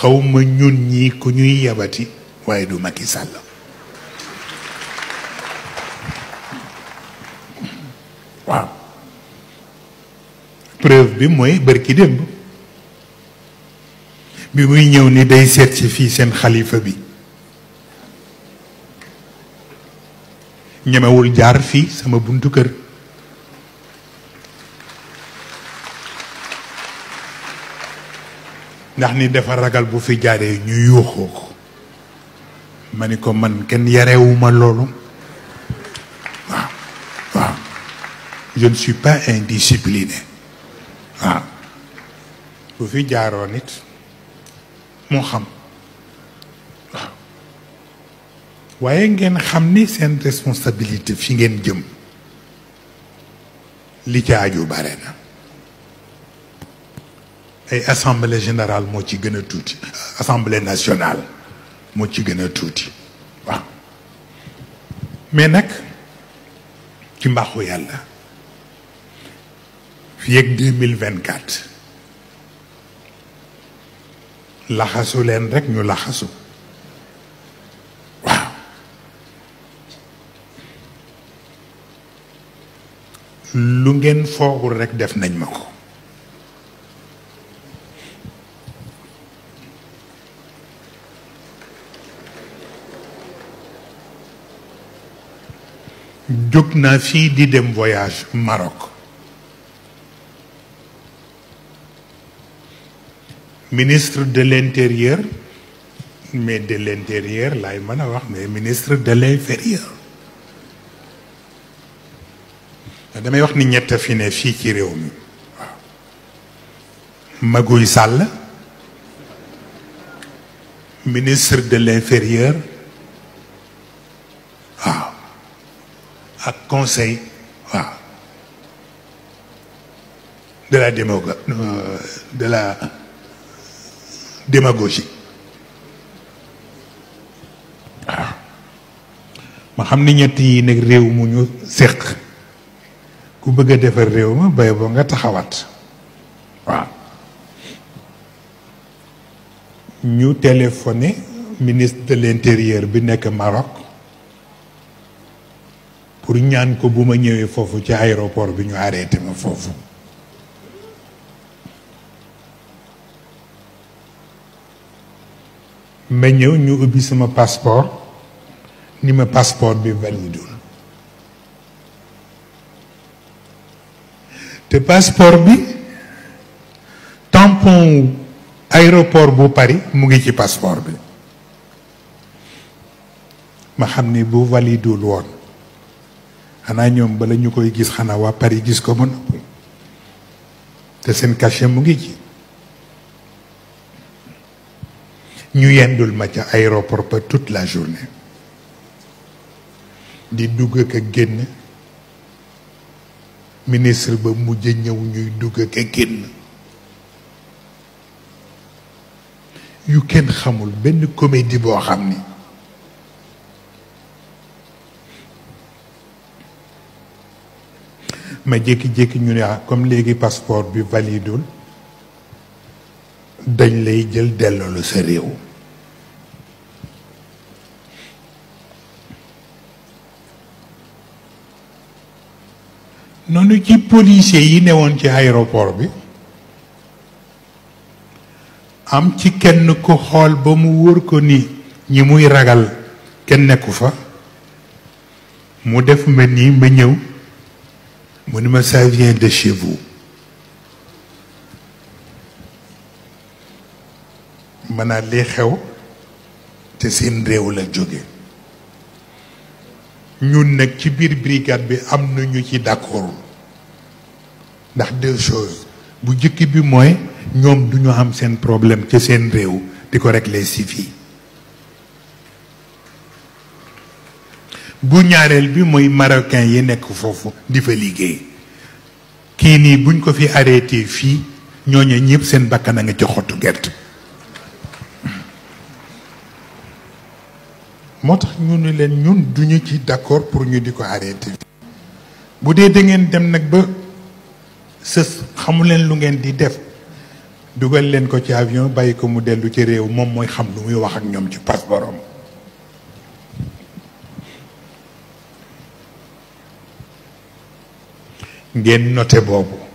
xawma ñun ñi ku ñuy yabati waaye du Macky Sall waaw preuve bi mooy bërki démb bi muy ñëw ni day seetsi fii seen xalifa bi ñemewul jaar fii sama buntu kër ndax ni dafa ragal bu fi jaaree ñu yuuxoo ko ma ni ko man kenn yarewuma loolu waaw waaw je ne suis pas indiscipliné waaw bu fi jaaroo nit moo xam waaw waaye ngeen xam ni seen responsabilité fi ngeen jëm li ca aju bare na ay assemblée générale moo ci gën a tuuti assemblée nationale moo ci gën a tuuti waaw mais nag ci mbaaxu yàlla fii ak mille vingt quatre laxasu leen rek ñu laxasu waaw lu ngeen foogul rek def nañ ma ko. jóg naa fii di dem voyage marok ministre de l'intérieur mais de l'intérieur laay mën a wax mais ministre de l'inférieur damay wax ni ñett fi ne fii ci réew mi waaw Maguy Sall ministre de l'inférieur ak conseil waaw de la démo de waaw ma xam ni ñett yi nag réew mu ñu séq ku bëgg a defar réew ma bay boo nga taxawaat waaw ñu téléphoné ministre de l'intérieur bi nekk Maroc pour ñaan ko bu ma ñëwee foofu ci aéroport bi ñu arrêté ma foofu ma ñëw ñu ubbi sama passeport ni ma passeport bi validul te passeport bi tampon aéroport bu Paris mu ngi ci passeport bi ma xam ni bu validul woon xanaa ñoom bala ñu koy gis xanaa waa Paris gis ko ma noppi te seen cachet mu ngi ci ñu yendul ma ca aéroport ba toute la journée di dugg ak a génn ministre ba mujj ñëw ñuy dugg ak a génn yu kenn xamul benn comédie boo xam ni ma jékki-jékki ñu ne ah, comme léegi passeport bi validul dañ lay jël delloolu sa réew noonu ci policier yi newoon ci aéroport bi am ci kenn ko xool ba mu wóor ko ni ñi muy ragal kenn nekku fa mu def ma nii ma ñëw mënuma ni vient de chez vous maanaam xew te seen réew la jóge ñu nekk ci biir brigade bi am na ñu ci d'accord ndax deux bu jëkk bi mooy ñoom du ñu am seen problème ci seen réew di ko régler si fii bu ñaareel bi mooy marocain yi nekk foofu di fa liggéey kii nii buñ ko fi arrêté fii ñooñu ñëpp seen bakkan a ngi ci xottu gerte moo tax ñu ni leen ñun duñu ci d'accord pour ñu di ko arrêté bu dee dangeen dem nag ba sës xamu leen lu ngeen di def dugal leen ko ci avion bàyyi ko mu dellu ci réew moom mooy xam lu muy wax ak ñoom ci passeport am ngeen noté boobu